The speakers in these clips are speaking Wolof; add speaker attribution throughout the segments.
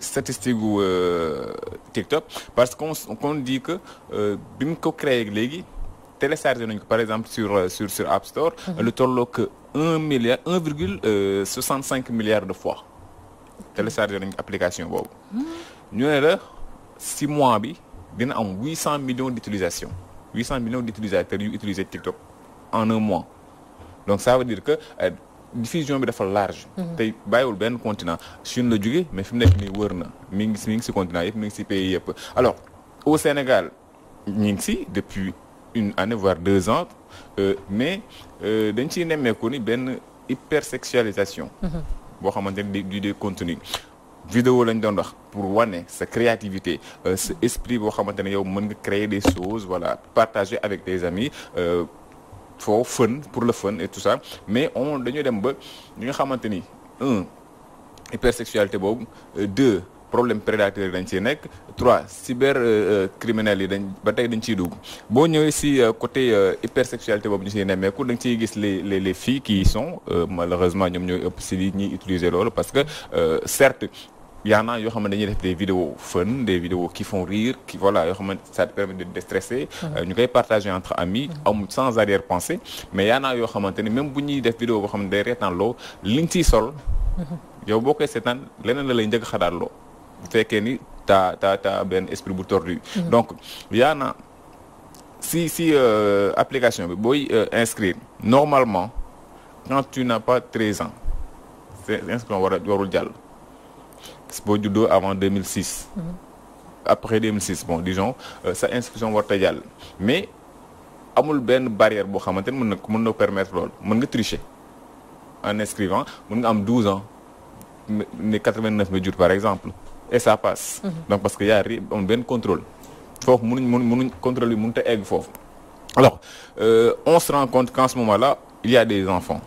Speaker 1: statistique gu euh, TikTok parce qu'on on dit que euh, bi mu ko créé léegi téléchargé nañu ko par exemple sur euh, sur sur App Store. Mhm. lu tolloo un milliard un virgule soixante cinq milliards de fois téléchargé nañu application boobu. Mhm. ñu ne la si mois bi dina am huit cent millions d'utilisations huit cent millions d'utilisateurs yu utiliser TikTok en un mois donc ça veut dire que diffusion bi dafa large. Mhm. tey bàyyiwul benn continent Chine la jóge mais fi mu nekk nii wër na mi ngi si mi ngi si continent yëpp mi ngi si pays yëpp alors au Sénégal ñu ngi si depuis une année voire deux ans euh, mais euh, dañ ciy nemmeeku ni benn hypersexualisation. Mhm. boo xamante ne du des contenus vidéo lañ doon wax pour wane sa créativité euh, sa esprit boo xamante ne yow mën nga créer des choses voilà partager avec tes amis. foo fun pour le fun et tout ça mais on dañoo dem ba ñu nga xamante ni un hypersexualité boobu euh, deux problème prédateur yi dañ ciy nekk trois cyber euh, euh, criminels yi dañ ba tey dañ ciy dugg boo ñëwee si côté hypersexualité boobu ñu siy nemmeeku da nga ciy gis les les les filles qui sont malheureusement ñoom ñooy ëpp si ñuy utiliser loolu parce que certes yaanaa yoo xam ne dañuy def des vidéos fun des vidéos qui font rire qui voilà yoo xam ne ça te permet de déstresser mm-hmm. euh, ñu koy partager entre amis mm-hmm. sans arrière pensée mais yaanaa yoo xamante ne même bu ñuy def vidéo boo xam reetaan loo liñ ciy sol mm-hmm. yow boo koy seetaan leneen la lay njëkk xalaat loo bu fekkee ni ta ta ta benn esprit bu tordu donc yaana si si euh, application bi booy euh, inscrire normalement quand tu n'as pas 13 ans c'est inscription war warul jàll contexte boo juddoo avant 2006. Mm -hmm. après 2006 bon disons euh, sa inscription war ta jàll mais amul benn barrière boo xamante ne mën na mën na permettre loolu mën nga tricher en inscrivant mën nga am 12 ans ne 89 nga jur par exemple et ça passe. Mm -hmm. donc parce que y' a amul benn contrôle foofu mënuñ mënuñ contrôle bi mënut a egg foofu. alors euh, on se rend compte qu'en ce moment là il y a des enfants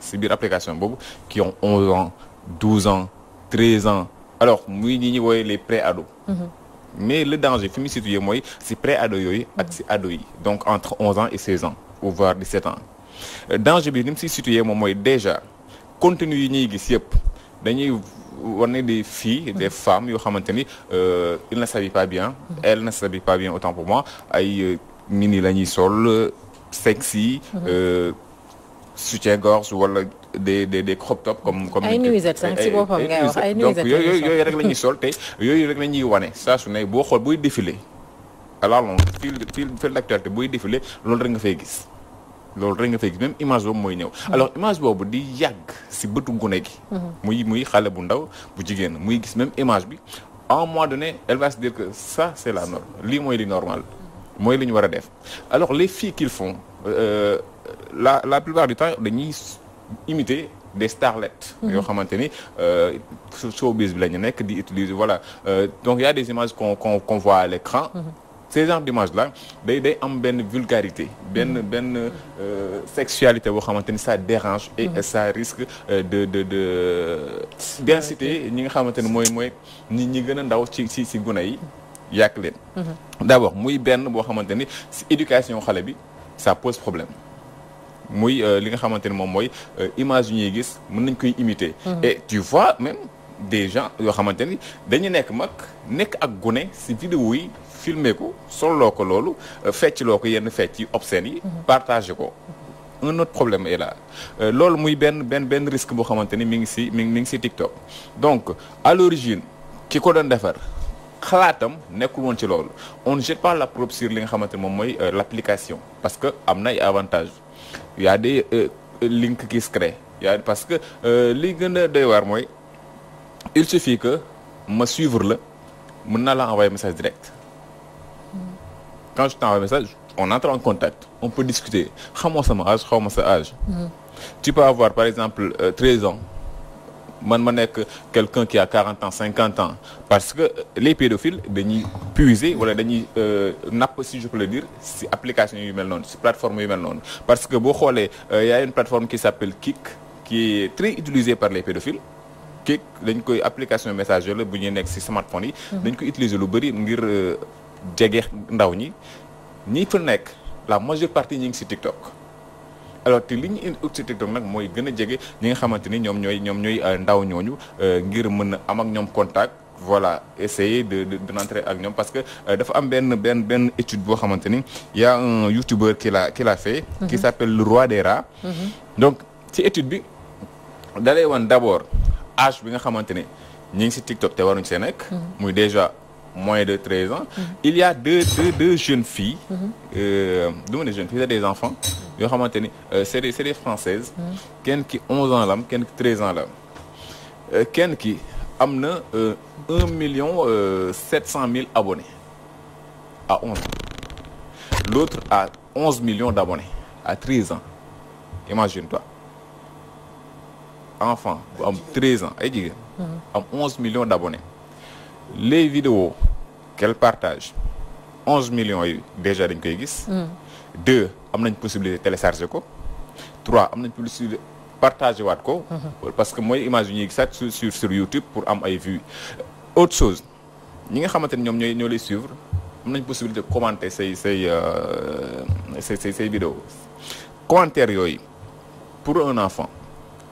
Speaker 1: si application boobu qui ont 11 ans 12 ans ans. alors muy ñi ñuy woowee les pré-ados. Mhm. mais le danger fi mu situé mooy si pré ado yooyu mhm. ak si ados yi donc entre onze ans et seize ans ou voire dix-sept ans euh, danger bi ni si situé moom mooy déjà contenu yi ñuy gis yëpp dañuy war ne des filles mhm. des femmes yoo xamante ni euh, il ne s'habille pas bien elle ne s'habille pas bien autant pour moi ay euh, mini la sol sexy soutien-gorge wala des des des crop top comme comme. ay nuisettes sax si boppam ngay wax ay nuisettes donc yooyu yooyu rek la sol te yooyu rek la wane saa su ne boo xool buy défilé alors moom fil fil fil d'actualité loolu rek nga fay gis. loolu rek nga fay gis même image boobu mooy ñëw. Mm-hmm. alors image boobu di yàgg si bëtu gune gi. Mm-hmm. muy muy xale bu ndaw bu jigéen muy gis même image bi à un moment donné elle va se dire que ça c'est la norme lii mooy li normal. Mm-hmm. mooy li ñu war a def la la plupart du temps dañuy imiter des starlettes. Mhm. yoo xamante ni euh, showbiz bi la ñu nekk di utiliser voilà euh, donc y des images qu'on qu'on qu'on voit à l'écran mm -hmm. ces genres day day am benn vulgarité benn mhm. benn euh, sexualité boo xamante ni sa dérange et mm -hmm. de de de d'inciter ñi nga xamante ni mooy mooy ñi ñi gën a ndaw si ci ci gune yi yàq leen mhm. d'abord muy benn boo xamante ni si éducation xale bi sa pose problème muy euh, li nga xamante ne moom mooy euh, image yu ñuy gis mën nañ koy imiter. Mm-hmm. et tu fois même des gens yoo xamante ni dañu nekk mag nekk ak gune si vidéo yi filmer ko solloo ko loolu euh, fecc loo ko yenn fecc yi obscène yi. Mm-hmm. partagé ko. un autre problème est là loolu muy benn benn benn risque boo xamante ni mi ngi si mi ngi mi ngi ci TikTok donc à l'origine ki ko doon defar. xalaatam nekkul woon ci loolu on ne jette pas la probe sur li nga xamante ne moom mooy euh, l' application parce que am na avantage avantages y euh, euh, link qui se créent parce que li gën a doy waar mooy il suffit que ma suivre la mën naa la envoyer message direct quand je t'envoie message on entre en contact on peut discuter xamoo sama âge xaw ma sa âge mm-hmm. tu peux avoir par exemple 13 man ma nekk quelqu'un qui a quarante ans cinquante ans parce que les pédophiles dañuy puise wala dañuy euh, napp si je peux le dire si application yu mel noonu si plateforme yu mel noonu parce que boo xoolee euh, y a une plateforme qui s'appelle Kik qui est très utilisée par les pédophiles Kik dañ koy application messager la bu ñuy nekk si smartphone yi mhm. dañ koy utiliser lu bëri ngir euh, jege ndaw ñi ñi fa nekk la majeure partie ñi ngi si TikTok alors te li ñu indi TikTok nag mooy gën a jege ñi nga xamante ni ñoom ñooy ñoom ñooy euh, ndaw ñooñu euh, ngir mën na am ak ñoom contact. voilà essayer de de ak ñoom parce que euh, dafa am benn benn benn étude boo xamante ni y a un youtubeur qui l'a qui l'a fait. Mhm. qui s'appelle le roi des rats. Mhm. donc ci étude bi dalay wan d'abord âge bi nga xamante ni ñi ngi ci TikTok te waruñ see nekk. Mhm. muy déjà moins de treize ans il y a deux deux deux jeunes filles mhm. euh, du ma ne jeunes filles c'est des enfants yoo xamante ni euh, c'est des c'est des françaises mhm. kenn ki onze ans la am kenn ki treize ans la am euh, kenn ki am na un million sept cent mille abonnés à onze ans l'autre à onze millions d'abonnés à treize ans imagine-toi enfant bu am treize ans ay jigéen mhm. am onze millions d'abonnés les vidéos qu'elle partage onze millions yi déjà dañ koy gis. Hmm. deux am nañ possibilité télécharger ko. trois am nañ possibilité partager waat ko. Hmm. parce que mooy image yi ñuy gisaat sur sur sur YouTube pour am ay vues. autre chose ñi nga xamante ni ñoom ñooy ñoo lay suivre am nañ possibilité commenter say say euh, say say say vidéo commentaire yooyu pour un enfant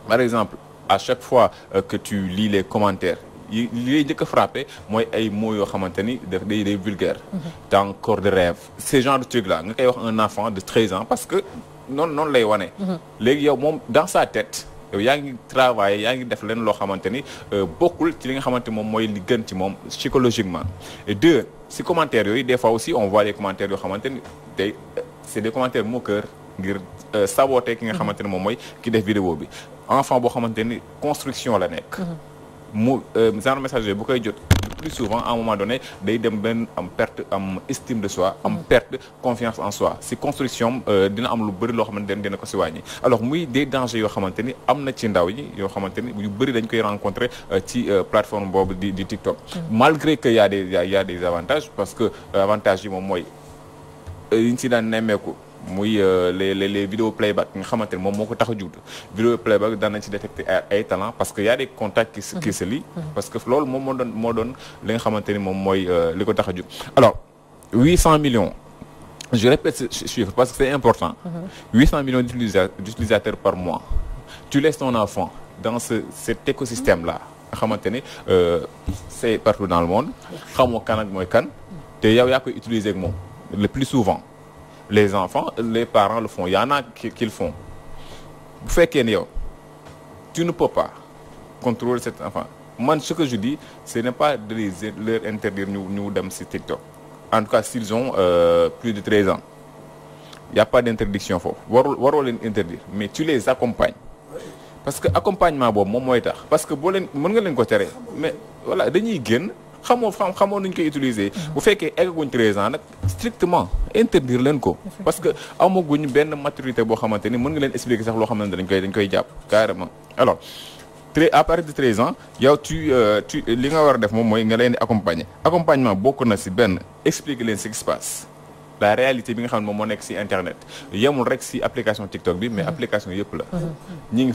Speaker 1: par exemple à chaque fois euh, que tu lis les commentaires. li lay njëkk a mooy ay mots yoo xamante ni daf day day vulgaire mhm. dans corps de rêve ce genre de truc nga koy wax un enfant de 13 an parce que noonu noonu lay wane mhm. léegi yow moom dans sa tête yow yaa ngi travaillé yaa ngi def leen loo xamante ni euh, bokkul ci li nga xamante moom mooy li gën ci moom psychologiquement et deux si commentaires yooyu des fois aussi on voit les yoo xamante ni day c'est des commentaires moqueurs ngir euh, saboter ki nga mhm. xamante ni moom mooy ki def vidéo bi enfant boo xamante ni construction la nekk mu euh, genre message bu koy jot plus souvent à un moment donné day dem benn am perte am estime de soi am mm. perte confiance en soi si construction euh, dina am lu bëri loo xamante ni dina ko si wàññi alors muy des dangers yoo xamante ni am na ci ndaw yi yoo xamante ni yu bëri dañ koy rencontrer euh, ci plateforme boobu di di TikTok mm. malgré que y a des y avantages parce que avantage yi moom mooy yiñ si daan nemmeeku muy euh, les les les vidéos playback nga xamante ne moom moo ko tax a judd vidéo playback daan nañ ci détecter ay talent parce que y des contacts qui qui se mhm. parce que loolu moom moo doon moo doon li nga xamante ne moom mooy euh, li ko tax a judd alors 800 millions je répète ce parce que c'est important 800 mhm. millions d'utilisateurs par mois tu laisses ton enfant dans ce cet écosystème là nga xamante ne euh, c'est partout dans le monde xamoo kan ak mooy kan te yow yaa koy utiliser ak moom le plus les enfants les parents le font y en a qui le font bu fekkee ne yow tu ne peux pas contrôler cet enfant man ce que je dis ce n'est pas les leur interdire ñu dem ci TikTok en tout cas s'ils ont euh, plus de treize ans y pas d'interdiction foofu warul waroo leen interdire mais tu les accompagnes parce que accompagnement boobu moom mooy tax parce que boo leen mën nga leen ko tere mais voilà dañuy génn xamoo xam xamoo nuñ koy utiliser. bu fekkee eggaguñ 13 ans nag strictement interdire leen ko. parce que amaguñ benn maturité boo xamante ni mën nga leen expliquer sax loo xamante dañ koy dañ koy jàpp carrément alors. très à partir de 13 ans yow tu euh, tu li nga war a def moom mooy nga leen di accompagner accompagnement bokk na si benn expliquer leen ce qui se la réalité bi nga xam ne moom moo nekk ci internet yemul rek ci application TikTok bi mais mhm. application yëpp la mhm. ñi ngi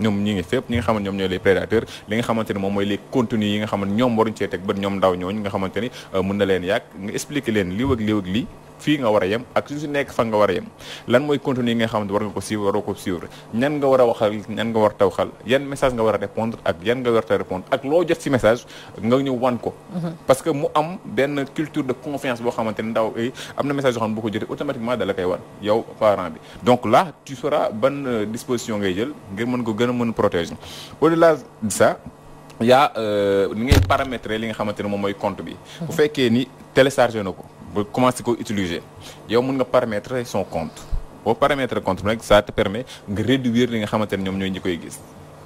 Speaker 1: ñoom ñi ngi fépp ñi nga xamante ñoom ñooy les prédateurs li nga xamante ne moom mooy les contenus yi nga xamante ñoom waruñ cee teg bët ñoom ndaw ñooñu nga xamante ni euh, na leen yàq nga expliquer leen li ak liw ak lii fii nga war a yem ak su si nekk fa nga war a yem lan mooy contenu yi nga xamante war nga ko suivre waroo ko suivre ñan nga war a waxal ñan nga war a tawxal yan message nga war a répondre ak yan nga war a répondre ak loo jot si message nga ñëw wan ko mhm. parce que mu am benn culture de confiance boo xamante ni ndaw eh, am na message yoo xam ne boo ko jotee automatiquement da la koy wan yow parent bi donc là tu sauras ban euh, disposition ngay jël ngir mën ko gën a mën protéger au-delà de ça yaa euh, ni ngay paramétrer li nga xamante ne moom mooy compte bi mhm. bu fekkee ni téléchargé na ko ba commencé ko utiliser yow mun nga paramétrer son compte boo paramétrer compte bi nag ça te permet nga réduire li nga xamante ne ñoom ñooy ñi koy gis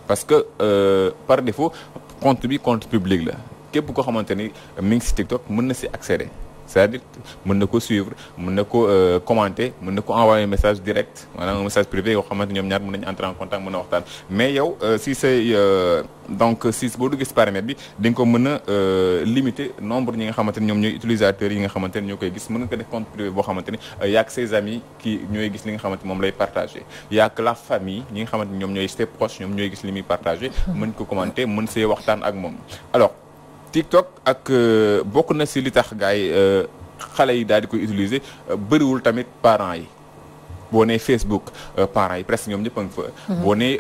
Speaker 1: parce que euh, par défaut compte bi compte public la képp koo xamante ni mi ngi si TikTok mën na si accéder. c'est-à-dire mën na ko suivre mun na ko euh, commenter mën na ko envoyer message direct maanaam un message privé yoo xamante ñoom ñaar mën nañu entrer en a waxtaan mais yow euh, si say euh, donc si boo duggee si paramètre bi di nga ko mën a limiter nombre ñi nga xamante ne ñoom ñooy utilisateurs yi nga xamante ne ñoo koy gis mën nga ko def compte privé boo xamante ne yaa ak ses amis ñooy gis li nga xamante moom lay partagé yaa ak la famille ñi nga xamante ne ñoom ñooy ses proches ñoom ñooy gis li muy partagé mën ko commenter mën see waxtaan ak moom alors TikTok ak euh, bokk na si li tax gars yi euh, xale yi daal di koy utiliser euh, bëriwul tamit parents yi boo nee Facebook parent yi presque ñoom ñëpp a ngi fa. Mhm. boo nee.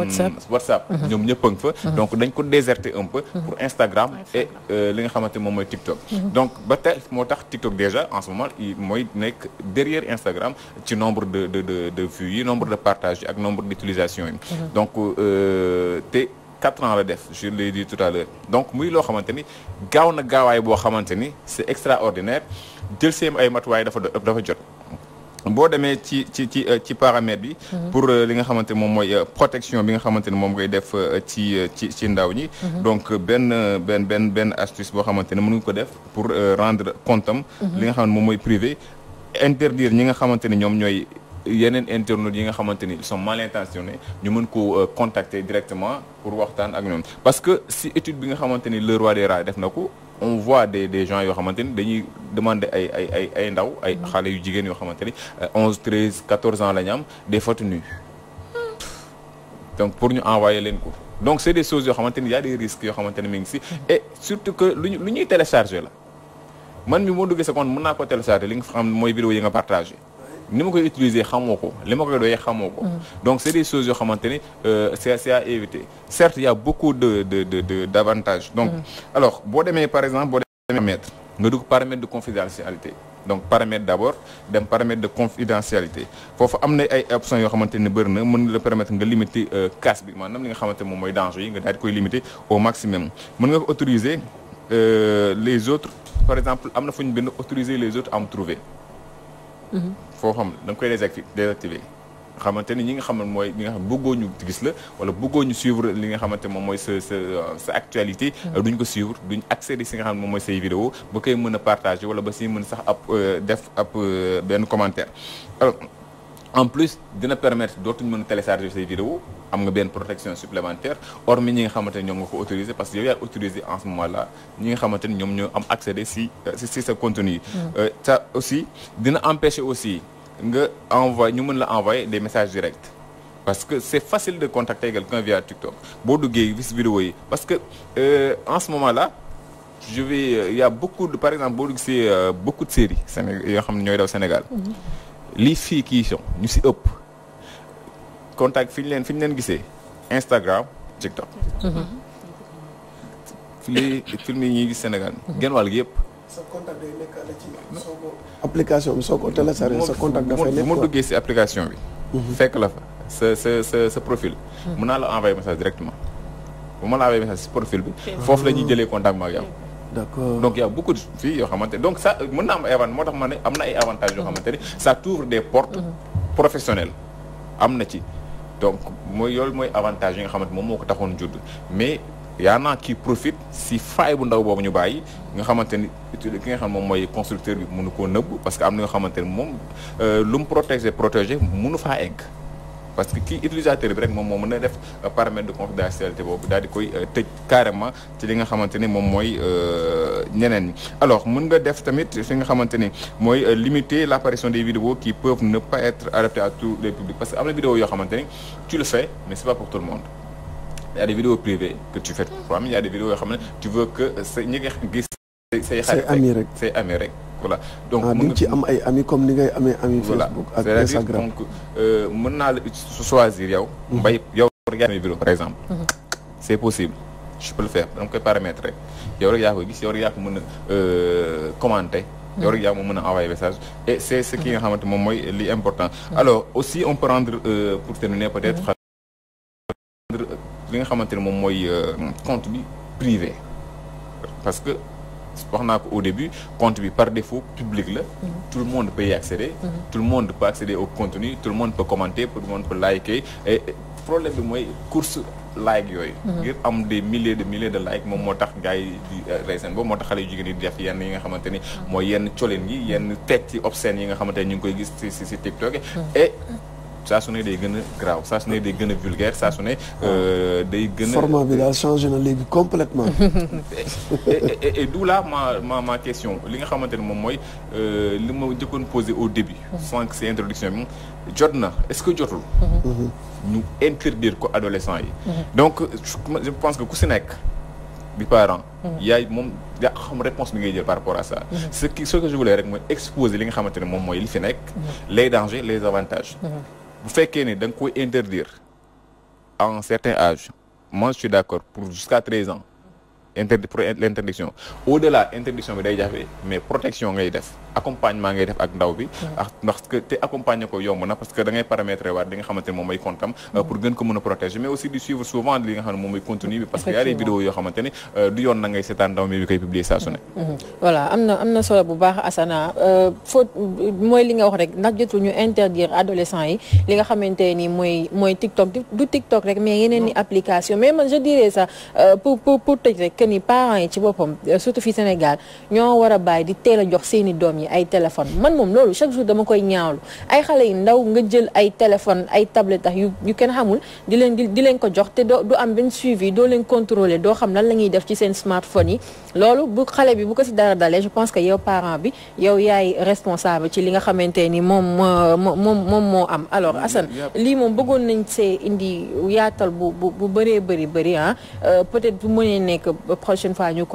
Speaker 1: WhatsApp mm, WhatsApp. Mhm. ñoom ñëpp a fa. Mhm. donc dañ ko déserter un peu. pour Instagram et li nga xamante moom mooy TikTok. donc ba tey moo tax TikTok déjà en ce moment mooy nekk derrière Instagram ci nombre de de de de vues yi nombre de partage yi ak nombre d'utilisation yi. donc te. quatre ans la def je l'ai dit tout à donc muy loo xamante ni gaaw na gaawaay boo xamante ni c'est extraordinaire jël seen ay matuwaay dafa dafa jot boo demee ci ci ci euh, ci paramètre bi mhm. pour euh, li nga xamante moom mooy euh, protection bi nga xamante ni moom ngay def ci ci ci ndaw ñi mhm. donc benn benn benn benn astuce boo xamante ni mën nga ko def pour rendre compte am mhm. li nga xam moom mooy privé interdire ñi nga xamante ni ñoom ñooy yeneen internautes yi nga xamante ni ils sont mal intentionnés ñu mën ko euh, contacter directement pour waxtaan ak ñoom parce que si étude bi nga xamante ni le roi de rats def na ko on voit des des gens yoo xamante ni dañuy demande ay ay ay ndaw ay xale yu jigéen yoo xamante ni euh, onze treize quatorze ans la ñu am des photos nues donc pour ñu envoyer leen ko donc c' est des yoo xamante ni y a des risques yoo xamante ni mi ngi si et surtout que lu ñu lu ñuy télécharger la man mi moo duggee sa mooy vidéo yi nga partagé. ni ma koy utiliser xamoo ko li ma koy doyee xamoo ko. Mm. donc c' est des yoo xamante ni euh, c' est à éviter certes y' beaucoup de de de de donc mm. alors boo demee par exemple boo demee paramètre nga dugg paramètre de confidentialité. donc paramètre d' abord dem paramètre de confidentialité foofu am na ay options yoo xamante ni bëri na mën na la permettre nga limiter euh, casse bi maanaam li nga xamante moom mooy danger yi nga daal di koy limiter au maximum mën nga ko autoriser euh, les autres par exemple am na fu ñu bind autoriser les autres à Mhm. foo xam da nga koy désactiver xamante ni ñi nga xam ne mooy ñi nga xam bëggoo ñu gis la wala bëggoo ñu suivre li nga xamante moom mooy sa sa sa actualité mhm. duñ ko suivre duñ accéder si nga xam ne moom mooy say vidéo ba koy mën a partager wala ba si mën sax ab euh, def ab euh, benn commentaire en plus dina permettre dootuñ mën télécharger say vidéo am nga benn protection supplémentaire hormis ñi nga xamante ne ñoom nga ko autorisé parce que yow yaay autorisé en ce moment là ne ñoom ñoo am accéder euh, si si sa contenu yi mm. euh, ça aussi aussi nga envoyé ñu mën la envoyer des messages directs parce que c'est facile de contacter quelqu'un via TikTok boo duggee gis vidéo yi parce que euh, en ce moment la je vais il beaucoup de par exemple boo duggee beaucoup de séries yoo xam ne ñooy daw Sénégal mm-hmm. li fii kii son ñu si ëpp contact fi ñu leen fi leen gisee Instagram TikTok. li film yi ñuy gis Sénégal mhm. genn wàll gi yëpp. sa contact day nekk la ci soo bu ma duggee si application bi. Mhm. fekk la fa sa sa sa sa profil. Mhm. mën naa la envoyé message directement bu ma la envoyé message si profil bi. foofu la ñuy jëlee contact ma ak donc y' a beaucoup de filles yoo xamante donc ça mën na am ay avantages moo tax ma ne ay avantages yoo xamante ni ça t'ouvre des portes mhm. professionnelles am na ci donc mooy yoolu mooy avantage yoo nga xamante moom moo ko taxoon judd mais yaa naa kii profite si faay bu ndaw boobu ñu bàyyi nga xamante ni ki nga xam moom mooy constructeur bi mënu koo nëbb parce que am na nga xamante ni moom euh, lu mu protéger protéger mënu faa egg parce que ki utilisateur bi rek moom moo mën a def euh, paramètre de confidentialité boobu daal di koy euh, tëj carrément ci li nga xamante ni moom mooy euh, ñeneen alors mën nga def tamit fi nga xamante ni mooy limiter l' apparition des vidéos qui peuvent ne pas être adaptées à tous les publics parce que am na vidéo yoo xamante ni tu le fais mais c' est pas pour tout le monde y a des vidéos que tu fais pour toi-même y a des yoo xam ne tu veux que sa ñi nga gis say xarit ami rek voilà donc ah nga ci am ay amis comme ni ngay amee amis Facebook ak Instagram donc euh, mën naa la choisir yow. Mhm. mbay yow rek yaa ngi par exemple. Mhm. c'est possible je peux le faire dama koy paramétrer yow rek yaa ko gis yow rek yaa mën a euh, commenter.
Speaker 2: Mhm. yow rek yaa
Speaker 1: ma mën a envoyer message et c'est ce nga xamante moom mooy li important. alors aussi on prendre rendre euh, ne terminer peut-être. li nga xamante ne moom mooy euh, compte bi privé parce que. wax naa ko au début compte bi par défaut public la. Mhm. tout le monde peut y accéder. Mhm. tout le monde peut accéder au contenu tout le monde peut commenter tout le problème bi mooy course like yooyu. Mhm. ngir am des milliers de milliers de like moom moo tax gars yi di euh, rey seen bopp moo tax xale yu jigéen yi def yenn yi nga xamante ni. mooy yenn colin yi yenn teg ci obscène yi nga xamante ni ñu ngi koy gis ci ci TikTok et. saa su ne day gën a graaw saa su ne day gën a vulgaire saa su ne ah. euh, day gën a format bi daal changé na léegi complètement et d'où là ma ma ma question li nga xamante ne moom mooy euh, li ma njëkkoon posé au début mhm. sànq si introduction bi jot na est-ce que jotul mhm. ñu interdire ko adolescent yi mhm. donc je moom yaa xam réponse li nga xamante ne moom mooy li fi nekk les dangers les avantages bu fekkee ne da nga koy interdire en un certain âge moi je suis d'accord pour jusqu'à treize ans interdit pour l'interdiction au-delà interdiction bi day jafe mais protection ngay def accompagnement ngay def ak ndaw bi ak ndax te accompagner ko yomb na parce que da ngay paramétrer di nga xamante ne mooy compte am euh, a protéger mais aussi ne moom mooy contenu bi parce que y a des vidéos yoo xamante euh, du yoon na mm-hmm. Mm-hmm. am na am na solo euh, li nga wax rek ndax jotul ñu interdire adolescents yi li nga xamante ni mooy mooy TikTok du rek mais yeneen ni application mais man je dirais pour pour rek que ni parents yi ci boppam euh, surtout fii Sénégal ñoo war a bàyyi di teel a jox seeni doom yi ay téléphone man moom loolu chaque jour dama koy ñaawlu ay xale yu ndaw nga jël ay téléphone ay tableta yu yu kenn xamul di leen di leen ko jox te doo du am benn suivi doo leen contrôler doo xam lan la ñuy def ci seen smartphone yi loolu bu xale bi bu ko si dara dalee je pense que yow parent bi yow yaay responsable ci li nga xamante ni moom moom moom moo am alors Assane lii moom bëggoon nañ see indi yaatal bu bu bu bëree bëri bëri ah euh, peut-être bu mënee nekk prochaine fois ñu